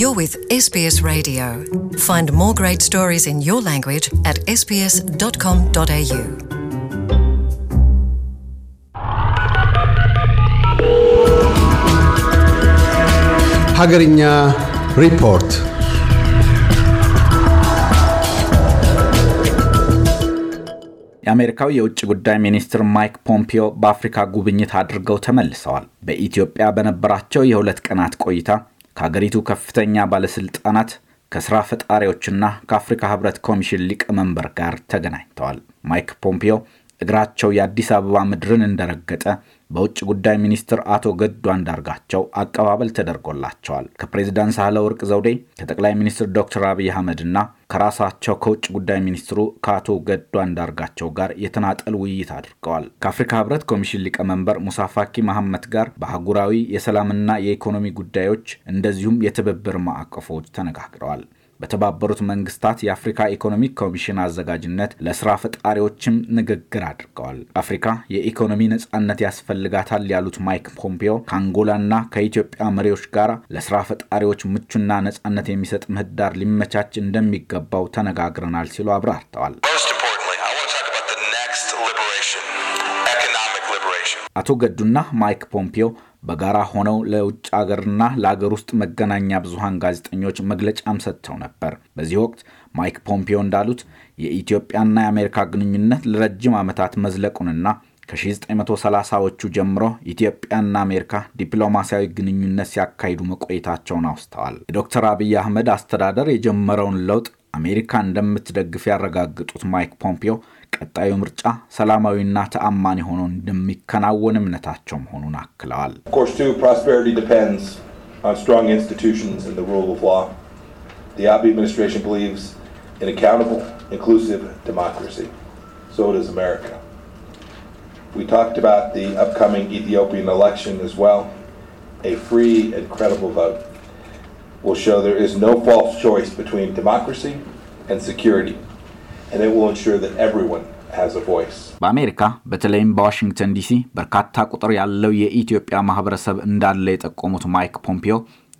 You're with SBS Radio. Find more great stories in your language at sbs.com.au. ሀገርኛ ሪፖርት የአሜሪካው የውጭ ጉዳይ ሚኒስትር ማይክ ፖምፒዮ በአፍሪካ ጉብኝት አድርገው ተመልሰዋል። በኢትዮጵያ በነበራቸው የሁለት ቀናት ቆይታ ከሀገሪቱ ከፍተኛ ባለስልጣናት ከስራ ፈጣሪዎችና ከአፍሪካ ህብረት ኮሚሽን ሊቀመንበር ጋር ተገናኝተዋል። ማይክ ፖምፒዮ እግራቸው የአዲስ አበባ ምድርን እንደረገጠ በውጭ ጉዳይ ሚኒስትር አቶ ገዱ አንዳርጋቸው አቀባበል ተደርጎላቸዋል። ከፕሬዚዳንት ወርቅ ዘውዴ ከጠቅላይ ሚኒስትር ዶክተር አብይ አህመድና ከራሳቸው ከውጭ ጉዳይ ሚኒስትሩ ከአቶ ገዱ አንዳርጋቸው ጋር የተናጠል ውይይት አድርገዋል። ከአፍሪካ ህብረት ኮሚሽን ሊቀመንበር ሙሳፋኪ መሐመት ጋር በአህጉራዊ የሰላምና የኢኮኖሚ ጉዳዮች እንደዚሁም የትብብር ማዕቀፎች ተነጋግረዋል። በተባበሩት መንግስታት የአፍሪካ ኢኮኖሚክ ኮሚሽን አዘጋጅነት ለስራ ፈጣሪዎችም ንግግር አድርገዋል። አፍሪካ የኢኮኖሚ ነጻነት ያስፈልጋታል ያሉት ማይክ ፖምፒዮ ከአንጎላና ከኢትዮጵያ መሪዎች ጋር ለስራ ፈጣሪዎች ምቹና ነጻነት የሚሰጥ ምህዳር ሊመቻች እንደሚገባው ተነጋግረናል ሲሉ አብራርተዋል። አቶ ገዱና ማይክ ፖምፒዮ በጋራ ሆነው ለውጭ አገርና ለአገር ውስጥ መገናኛ ብዙሃን ጋዜጠኞች መግለጫም ሰጥተው ነበር። በዚህ ወቅት ማይክ ፖምፒዮ እንዳሉት የኢትዮጵያና የአሜሪካ ግንኙነት ለረጅም ዓመታት መዝለቁንና ከ1930ዎቹ ጀምሮ ኢትዮጵያና አሜሪካ ዲፕሎማሲያዊ ግንኙነት ሲያካሂዱ መቆየታቸውን አውስተዋል። የዶክተር አብይ አህመድ አስተዳደር የጀመረውን ለውጥ አሜሪካ እንደምትደግፍ ያረጋግጡት ማይክ ፖምፒዮ Of course, too, prosperity depends on strong institutions and the rule of law. The እምነታቸው administration believes In accountable, inclusive democracy. So does America. We talked about the upcoming Ethiopian election as well. A free and credible vote will show there is no false choice between democracy and security. በአሜሪካ በተለይም በዋሽንግተን ዲሲ በርካታ ቁጥር ያለው የኢትዮጵያ ማህበረሰብ እንዳለ የጠቆሙት ማይክ ፖምፒዮ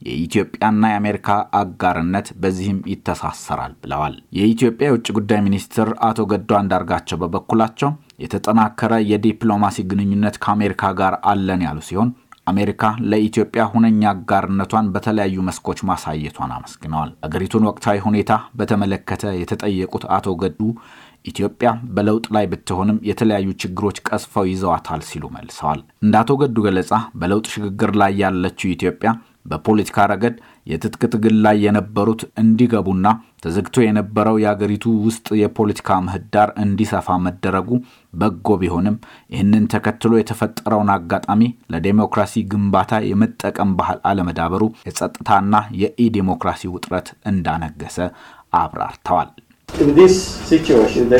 የኢትዮጵያና የአሜሪካ አጋርነት በዚህም ይተሳሰራል ብለዋል። የኢትዮጵያ የውጭ ጉዳይ ሚኒስትር አቶ ገዱ አንዳርጋቸው በበኩላቸው የተጠናከረ የዲፕሎማሲ ግንኙነት ከአሜሪካ ጋር አለን ያሉ ሲሆን አሜሪካ ለኢትዮጵያ ሁነኛ አጋርነቷን በተለያዩ መስኮች ማሳየቷን አመስግነዋል። አገሪቱን ወቅታዊ ሁኔታ በተመለከተ የተጠየቁት አቶ ገዱ ኢትዮጵያ በለውጥ ላይ ብትሆንም የተለያዩ ችግሮች ቀስፈው ይዘዋታል ሲሉ መልሰዋል። እንደ አቶ ገዱ ገለጻ በለውጥ ሽግግር ላይ ያለችው ኢትዮጵያ በፖለቲካ ረገድ የትጥቅ ትግል ላይ የነበሩት እንዲገቡና ተዘግቶ የነበረው የአገሪቱ ውስጥ የፖለቲካ ምህዳር እንዲሰፋ መደረጉ በጎ ቢሆንም ይህንን ተከትሎ የተፈጠረውን አጋጣሚ ለዴሞክራሲ ግንባታ የመጠቀም ባህል አለመዳበሩ የጸጥታና የኢዴሞክራሲ ውጥረት እንዳነገሰ አብራርተዋል። ሲቹዌሽን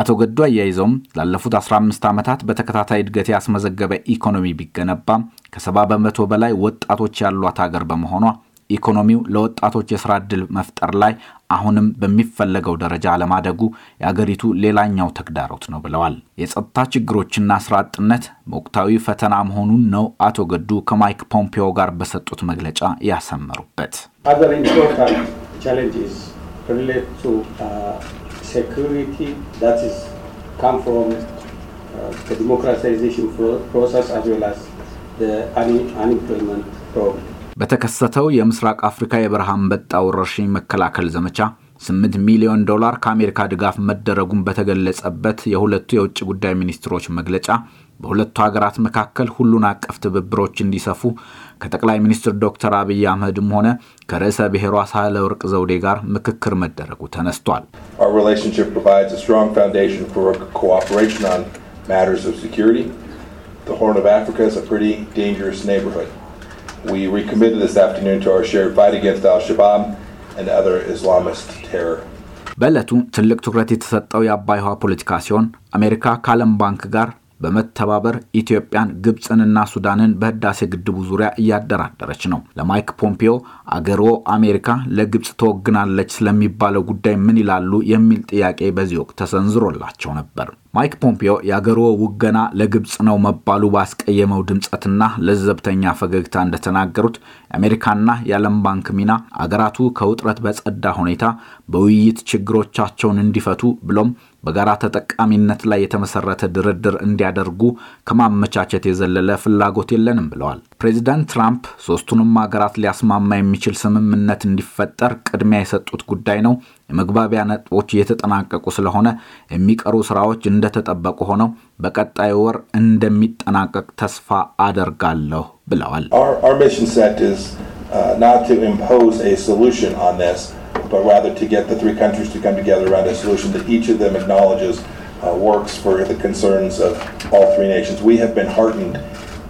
አቶ ገዱ አያይዘውም ላለፉት 15 ዓመታት በተከታታይ እድገት ያስመዘገበ ኢኮኖሚ ቢገነባ ከ 7 በመቶ በላይ ወጣቶች ያሏት ሀገር በመሆኗ ኢኮኖሚው ለወጣቶች የስራ ዕድል መፍጠር ላይ አሁንም በሚፈለገው ደረጃ አለማደጉ የአገሪቱ ሌላኛው ተግዳሮት ነው ብለዋል። የጸጥታ ችግሮችና ስራ አጥነት ወቅታዊ ፈተና መሆኑን ነው አቶ ገዱ ከማይክ ፖምፒዮ ጋር በሰጡት መግለጫ ያሰመሩበት። security that is come from uh, the democratization process as well as the unemployment problem በተከሰተው የምስራቅ አፍሪካ የበረሃ አንበጣ ወረርሽኝ መከላከል ዘመቻ 8 ሚሊዮን ዶላር ከአሜሪካ ድጋፍ መደረጉን በተገለጸበት የሁለቱ የውጭ ጉዳይ ሚኒስትሮች መግለጫ በሁለቱ ሀገራት መካከል ሁሉን አቀፍ ትብብሮች እንዲሰፉ ከጠቅላይ ሚኒስትር ዶክተር አብይ አህመድም ሆነ ከርዕሰ ብሔሯ ሳህለወርቅ ዘውዴ ጋር ምክክር መደረጉ ተነስቷል። We recommitted this afternoon to our shared fight against al በዕለቱ ትልቅ ትኩረት የተሰጠው የአባይ ውሃ ፖለቲካ ሲሆን አሜሪካ ከዓለም ባንክ ጋር በመተባበር ኢትዮጵያን ግብፅንና ሱዳንን በህዳሴ ግድቡ ዙሪያ እያደራደረች ነው። ለማይክ ፖምፒዮ አገርዎ አሜሪካ ለግብፅ ተወግናለች ስለሚባለው ጉዳይ ምን ይላሉ የሚል ጥያቄ በዚህ ወቅት ተሰንዝሮላቸው ነበር። ማይክ ፖምፒዮ የአገሮ ውገና ለግብፅ ነው መባሉ ባስቀየመው ድምፀትና ለዘብተኛ ፈገግታ እንደተናገሩት የአሜሪካና የዓለም ባንክ ሚና አገራቱ ከውጥረት በጸዳ ሁኔታ በውይይት ችግሮቻቸውን እንዲፈቱ ብሎም በጋራ ተጠቃሚነት ላይ የተመሰረተ ድርድር እንዲያደርጉ ከማመቻቸት የዘለለ ፍላጎት የለንም ብለዋል። ፕሬዚዳንት ትራምፕ ሶስቱንም ሀገራት ሊያስማማ የሚችል ስምምነት እንዲፈጠር ቅድሚያ የሰጡት ጉዳይ ነው። የመግባቢያ ነጥቦች እየተጠናቀቁ ስለሆነ የሚቀሩ ስራዎች እንደ Our mission set is uh, not to impose a solution on this, But rather to get the three countries to come together around a solution that each of them acknowledges uh, works for the concerns of all three nations. We have been heartened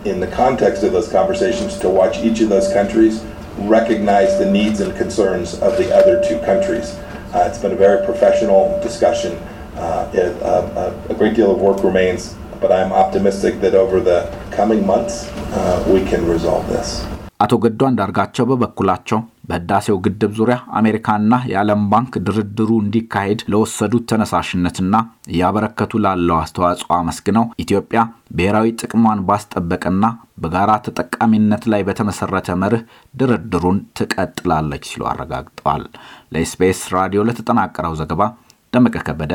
in the context of those conversations to watch each of those countries recognize the needs and concerns of the other two countries. Uh, it's been a very professional discussion. Uh, a, uh, uh, a, great deal of work remains, but I'm optimistic that over the coming months uh, we can resolve this. አቶ ገዱ አንዳርጋቸው በበኩላቸው በህዳሴው ግድብ ዙሪያ አሜሪካና የዓለም ባንክ ድርድሩ እንዲካሄድ ለወሰዱት ተነሳሽነትና እያበረከቱ ላለው አስተዋጽኦ አመስግነው ኢትዮጵያ ብሔራዊ ጥቅሟን ባስጠበቀና በጋራ ተጠቃሚነት ላይ በተመሰረተ መርህ ድርድሩን ትቀጥላለች ሲሉ አረጋግጠዋል። ለኤስቢኤስ ራዲዮ ለተጠናቀረው ዘገባ ደመቀ ከበደ